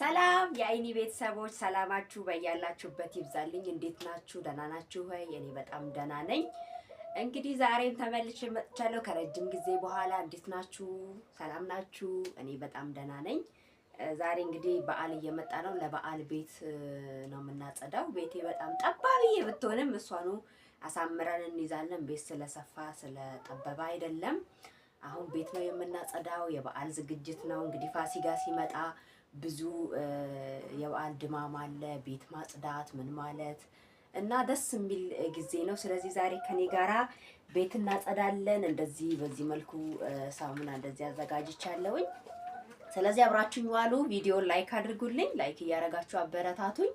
ሰላም የአይኒ ቤተሰቦች ሰላማችሁ በያላችሁበት ይብዛልኝ። እንዴት ናችሁ? ደህና ናችሁ ወይ? እኔ በጣም ደህና ነኝ። እንግዲህ ዛሬም ተመልሼ መጥቻለሁ ከረጅም ጊዜ በኋላ። እንዴት ናችሁ? ሰላም ናችሁ? እኔ በጣም ደህና ነኝ። ዛሬ እንግዲህ በዓል እየመጣ ነው። ለበዓል ቤት ነው የምናጸዳው። ቤቴ በጣም ጠባብዬ ብትሆንም እሷኑ አሳምረን እንይዛለን። ቤት ስለሰፋ ስለጠበበ አይደለም። አሁን ቤት ነው የምናጸዳው። የበዓል ዝግጅት ነው እንግዲህ ፋሲጋ ሲመጣ ብዙ የበዓል ድማም አለ፣ ቤት ማጽዳት ምን ማለት እና ደስ የሚል ጊዜ ነው። ስለዚህ ዛሬ ከኔ ጋራ ቤት እናጸዳለን። እንደዚህ በዚህ መልኩ ሳሙና እንደዚህ አዘጋጅቻለሁኝ። ስለዚህ አብራችሁኝ ዋሉ። ቪዲዮን ላይክ አድርጉልኝ። ላይክ እያደረጋችሁ አበረታቱኝ።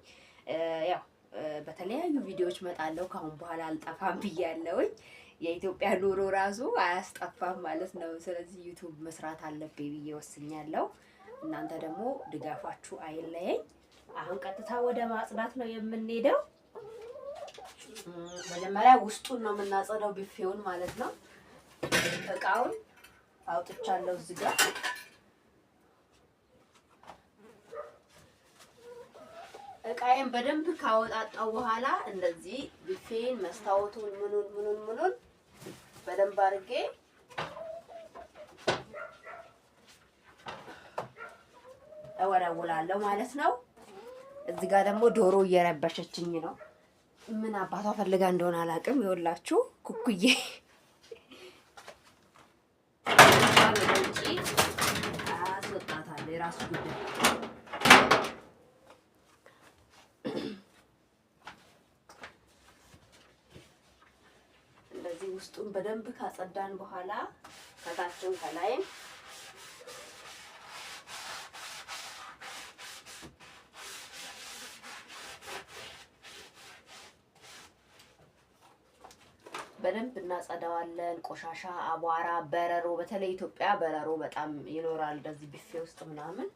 ያው በተለያዩ ቪዲዮዎች መጣለሁ። ከአሁን በኋላ አልጠፋም ብያለሁኝ። የኢትዮጵያ ኑሮ ራሱ አያስጠፋም ማለት ነው። ስለዚህ ዩቱብ መስራት አለብኝ ብዬ ወስኛለሁ። እናንተ ደግሞ ድጋፋችሁ አይለየኝ። አሁን ቀጥታ ወደ ማጽዳት ነው የምንሄደው። መጀመሪያ ውስጡን ነው የምናጸደው፣ ቢፌውን ማለት ነው። እቃውን አውጥቻለሁ እዚህ ጋር እቃዬን በደንብ ካወጣጣው በኋላ እንደዚህ ቢፌን መስታወቱን ምኑን ምኑን ምኑን በደንብ አድርጌ እወለውላለሁ ማለት ነው። እዚህ ጋር ደግሞ ዶሮ እየረበሸችኝ ነው። ምን አባቷ ፈልጋ እንደሆነ አላውቅም። ይኸውላችሁ ኩኩዬ አስወጣታለሁ። የራሱ ጉዳይ እንደዚህ ውስጡን በደንብ ካጸዳን በኋላ ከታችን ከላይም በደንብ እናጸዳዋለን። ቆሻሻ፣ አቧራ፣ በረሮ በተለይ ኢትዮጵያ በረሮ በጣም ይኖራል። እንደዚህ ቢፌ ውስጥ ምናምን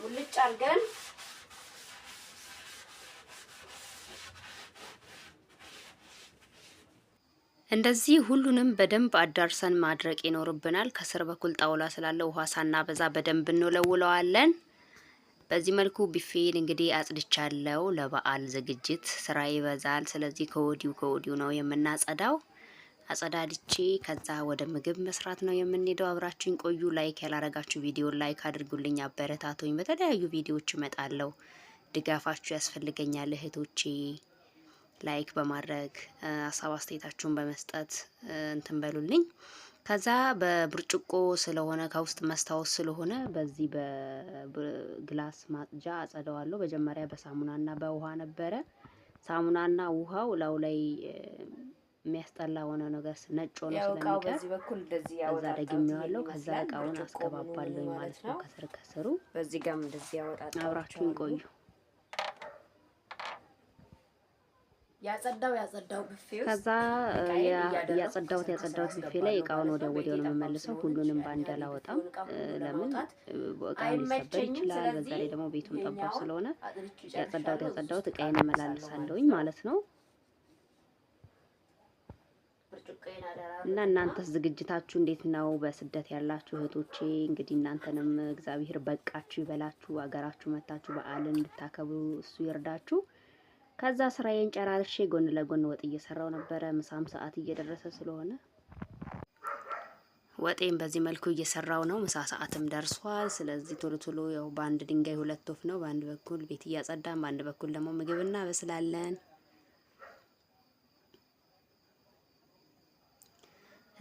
ሙልጭ አድርገን እንደዚህ ሁሉንም በደንብ አዳርሰን ማድረቅ ይኖርብናል። ከስር በኩል ጣውላ ስላለ ውሃ ሳናበዛ በደንብ እንለውለዋለን። በዚህ መልኩ ቢፌን እንግዲህ አጽድቻለሁ። ለበዓል ዝግጅት ስራ ይበዛል። ስለዚህ ከወዲሁ ከወዲሁ ነው የምናጸዳው። አጸዳድቼ ከዛ ወደ ምግብ መስራት ነው የምንሄደው። አብራችሁኝ ቆዩ። ላይክ ያላረጋችሁ ቪዲዮ ላይክ አድርጉልኝ፣ አበረታቱኝ። በተለያዩ ቪዲዮዎች እመጣለሁ። ድጋፋችሁ ያስፈልገኛል እህቶቼ። ላይክ በማድረግ ሀሳብ አስተያየታችሁን በመስጠት እንትን በሉልኝ። ከዛ በብርጭቆ ስለሆነ ከውስጥ መስታወት ስለሆነ በዚህ በግላስ ማጽጃ አጸደዋለሁ። መጀመሪያ በሳሙናና በውሃ ነበረ። ሳሙናና ውሃው ላው ላይ የሚያስጠላ ሆነ ነገር ነጭ ሆኖ ስለሚቀር ከዛ ደግሜዋለሁ። ከዛ እቃውን አስገባባለሁ ማለት ነው። ከስር ከስሩ በዚህ ጋር እንደዚህ ያወጣጣ። አብራችሁን ቆዩ። ያጸዳው ያጸዳው ብፌ ከዛ ያጸዳውት ያጸዳውት ብፌ ላይ እቃውን ወደ ወዲያው ነው የምመልሰው። ሁሉንም ባንድ አላወጣም። ለምን እቃ ሊሰበር ይችላል። በዛ ላይ ደግሞ ቤቱም ጠባብ ስለሆነ ያጸዳውት ያጸዳውት እቃዬን እመላልሳለሁኝ ማለት ነው። እና እናንተስ ዝግጅታችሁ እንዴት ነው? በስደት ያላችሁ እህቶቼ እንግዲህ እናንተንም እግዚአብሔር በቃችሁ ይበላችሁ፣ ሀገራችሁ መታችሁ በዓልን እንድታከብሩ እሱ ይርዳችሁ። ከዛ ስራዬን ጨራርሼ ጎን ለጎን ወጥ እየሰራው ነበረ። ምሳም ሰዓት እየደረሰ ስለሆነ ወጤም በዚህ መልኩ እየሰራው ነው። ምሳ ሰዓትም ደርሷል። ስለዚህ ቶሎ ቶሎ ያው በአንድ ድንጋይ ሁለት ወፍ ነው። በአንድ በኩል ቤት እያጸዳን፣ በአንድ በኩል ደግሞ ምግብ እናበስላለን።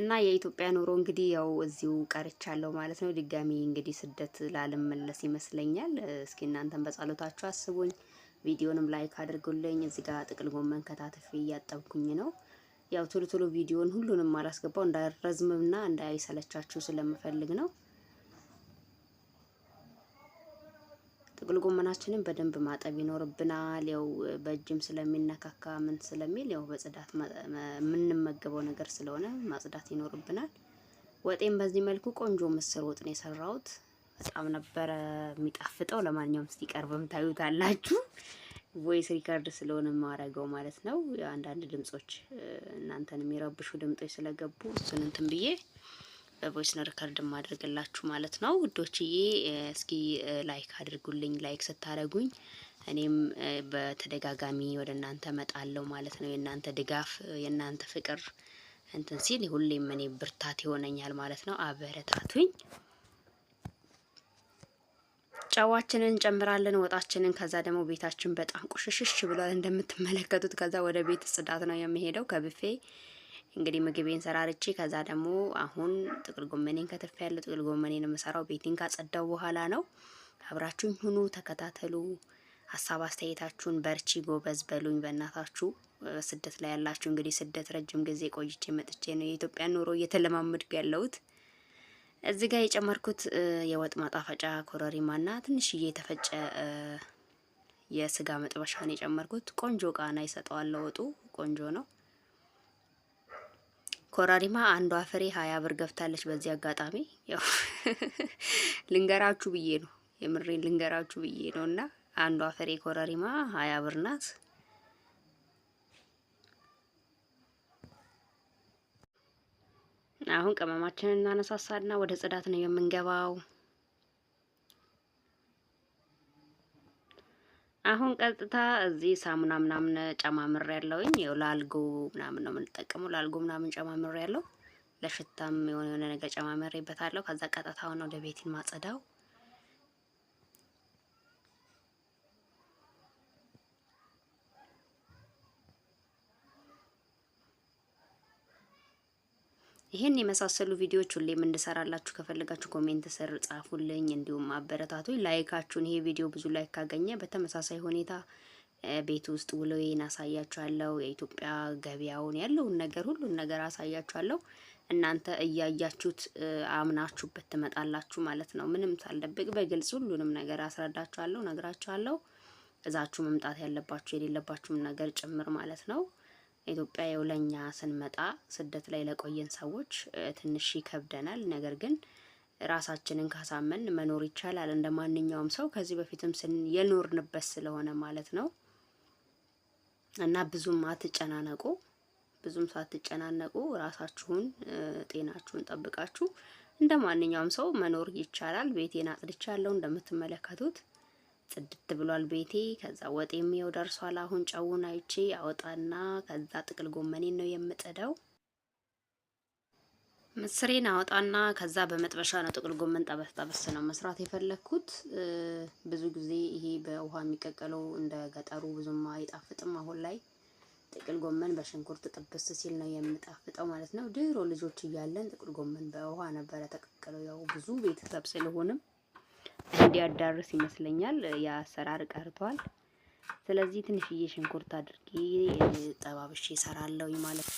እና የኢትዮጵያ ኑሮ እንግዲህ ያው እዚሁ ቀርቻለሁ ማለት ነው። ድጋሚ እንግዲህ ስደት ላልመለስ ይመስለኛል። እስኪ እናንተን በጸሎታችሁ አስቡኝ። ቪዲዮንም ላይክ አድርጉልኝ። እዚህ ጋር ጥቅል ጎመን ከታትፌ እያጠብኩኝ ነው። ያው ቶሎ ቶሎ ቪዲዮን ሁሉንም አላስገባው እንዳይረዝምና እንዳይሰለቻችሁ ስለምፈልግ ነው። ጥቅል ጎመናችንን በደንብ ማጠብ ይኖርብናል። ያው በእጅም ስለሚነካካ ምን ስለሚል ያው በጽዳት የምንመገበው ነገር ስለሆነ ማጽዳት ይኖርብናል። ወጤም በዚህ መልኩ ቆንጆ ምስር ወጥ ነው የሰራሁት። በጣም ነበረ የሚጣፍጠው። ለማንኛውም እስቲ ቀርብም ታዩታላችሁ። ቮይስ ሪካርድ ስለሆነ የማረገው ማለት ነው። አንዳንድ ድምጾች እናንተን የሚረብሹ ድምጦች ስለገቡ እሱን እንትን ብዬ ቮይስ ሪከርድ ማድረግላችሁ ማለት ነው ውዶችዬ። እስኪ ላይክ አድርጉልኝ። ላይክ ስታደርጉኝ እኔም በተደጋጋሚ ወደ እናንተ መጣለሁ ማለት ነው። የእናንተ ድጋፍ፣ የእናንተ ፍቅር እንትን ሲል ሁሌም እኔ ብርታት ይሆነኛል ማለት ነው። አበረታቱኝ። ጨዋችንን እንጨምራለን፣ ወጣችንን። ከዛ ደግሞ ቤታችን በጣም ቁሽሽሽ ብሏል እንደምትመለከቱት። ከዛ ወደ ቤት ጽዳት ነው የሚሄደው ከብፌ እንግዲህ ምግቤን ሰራርቼ ከዛ ደግሞ አሁን ጥቅል ጎመኔን ከተፍ ያለ ጥቅል ጎመኔን የምሰራው ቤቲን ካጸዳው በኋላ ነው። አብራችሁኝ ሁኑ፣ ተከታተሉ። ሀሳብ አስተያየታችሁን በርቺ፣ ጎበዝ በሉኝ። በእናታችሁ ስደት ላይ ያላችሁ እንግዲህ ስደት ረጅም ጊዜ ቆይቼ መጥቼ ነው የኢትዮጵያን ኑሮ እየተለማመድኩ ያለሁት። እዚህ ጋር የጨመርኩት የወጥ ማጣፈጫ ኮረሪማና ትንሽዬ የተፈጨ የስጋ መጥበሻን የጨመርኩት ቆንጆ ቃና ይሰጠዋል። ለወጡ ቆንጆ ነው። ኮራሪማ አንዷ ፍሬ ሀያ ብር ገብታለች። በዚህ አጋጣሚ ያው ልንገራችሁ ብዬ ነው የምሬን ልንገራችሁ ብዬ ነው። እና አንዷ ፍሬ ኮራሪማ ሀያ ብር ናት። አሁን ቅመማችንን እናነሳሳና ወደ ጽዳት ነው የምንገባው። አሁን ቀጥታ እዚህ ሳሙና ምናምን ጨማምር ያለውኝ ያው ላልጎ ምናምን ነው የምንጠቀመው። ላልጎ ምናምን ጨማምር ያለው ለሽታም የሆነ የሆነ ነገር ጨማምሬበታለሁ። ከዛ ቀጥታ አሁን ወደ ቤቴን ማጸዳው ይህን የመሳሰሉ ቪዲዮዎች ሁሌ የምንሰራላችሁ ከፈለጋችሁ ኮሜንት ስር ጻፉልኝ፣ እንዲሁም አበረታቱኝ። ላይካችሁን ይሄ ቪዲዮ ብዙ ላይክ ካገኘ በተመሳሳይ ሁኔታ ቤት ውስጥ ውሎዬን አሳያችኋለሁ። የኢትዮጵያ ገበያውን ያለውን ነገር ሁሉን ነገር አሳያችኋለሁ። እናንተ እያያችሁት አምናችሁበት ትመጣላችሁ ማለት ነው። ምንም ሳልደብቅ በግልጽ ሁሉንም ነገር አስረዳችኋለሁ፣ ነግራችኋለሁ። እዛችሁ መምጣት ያለባችሁ የሌለባችሁም ነገር ጭምር ማለት ነው። ኢትዮጵያ ያው ለኛ ስንመጣ ስደት ላይ ለቆየን ሰዎች ትንሽ ይከብደናል። ነገር ግን ራሳችንን ካሳመን መኖር ይቻላል እንደ ማንኛውም ሰው ከዚህ በፊትም ስን የኖርንበት ስለሆነ ማለት ነው እና ብዙም አትጨናነቁ። ብዙም ሳትጨናነቁ ራሳችሁን ጤናችሁን ጠብቃችሁ እንደ ማንኛውም ሰው መኖር ይቻላል። ቤቴን አጽድቻለሁ እንደምትመለከቱት ጽድት ብሏል ቤቴ። ከዛ ወጤ የሚየው ደርሷል። አሁን ጨውን አይቼ አወጣና ከዛ ጥቅል ጎመኔን ነው የምጥደው። ምስሬን አወጣና ከዛ በመጥበሻ ነው ጥቅል ጎመን ጠበስ ጠበስ ነው መስራት የፈለግኩት። ብዙ ጊዜ ይሄ በውሃ የሚቀቀለው እንደ ገጠሩ ብዙም አይጣፍጥም። አሁን ላይ ጥቅል ጎመን በሽንኩርት ጥብስ ሲል ነው የምጣፍጠው ማለት ነው። ድሮ ልጆች እያለን ጥቅል ጎመን በውሃ ነበረ ተቀቅለው፣ ያው ብዙ ቤተሰብ ስለሆንም እንዲያዳርስ ይመስለኛል። የአሰራር ቀርቷል። ስለዚህ ትንሽዬ ሽንኩርት አድርጌ ጠባብሼ እሰራለሁ ማለት ነው።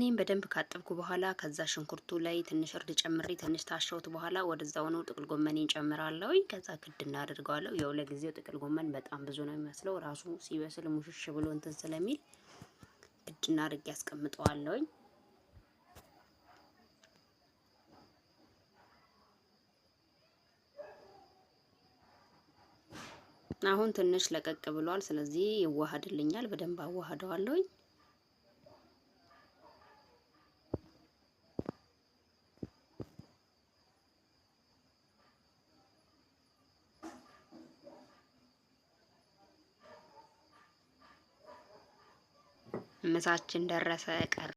እኔም በደንብ ካጠብኩ በኋላ ከዛ ሽንኩርቱ ላይ ትንሽ እርድ ጨምሬ ትንሽ ታሸውት በኋላ ወደዛው ነው ጥቅል ጎመን ጨምራለሁ። ከዛ ክድ እናደርገዋለሁ። ያው ለጊዜው ጥቅል ጎመን በጣም ብዙ ነው የሚመስለው ራሱ ሲበስል ሙሽሽ ብሎ እንትን ስለሚል ክድ እናድርግ ያስቀምጠዋለሁኝ። አሁን ትንሽ ለቀቅ ብሏል። ስለዚህ ይዋሃድልኛል። በደንብ አዋሃደዋለሁኝ። ቀነታችን ደረሰ ቀረ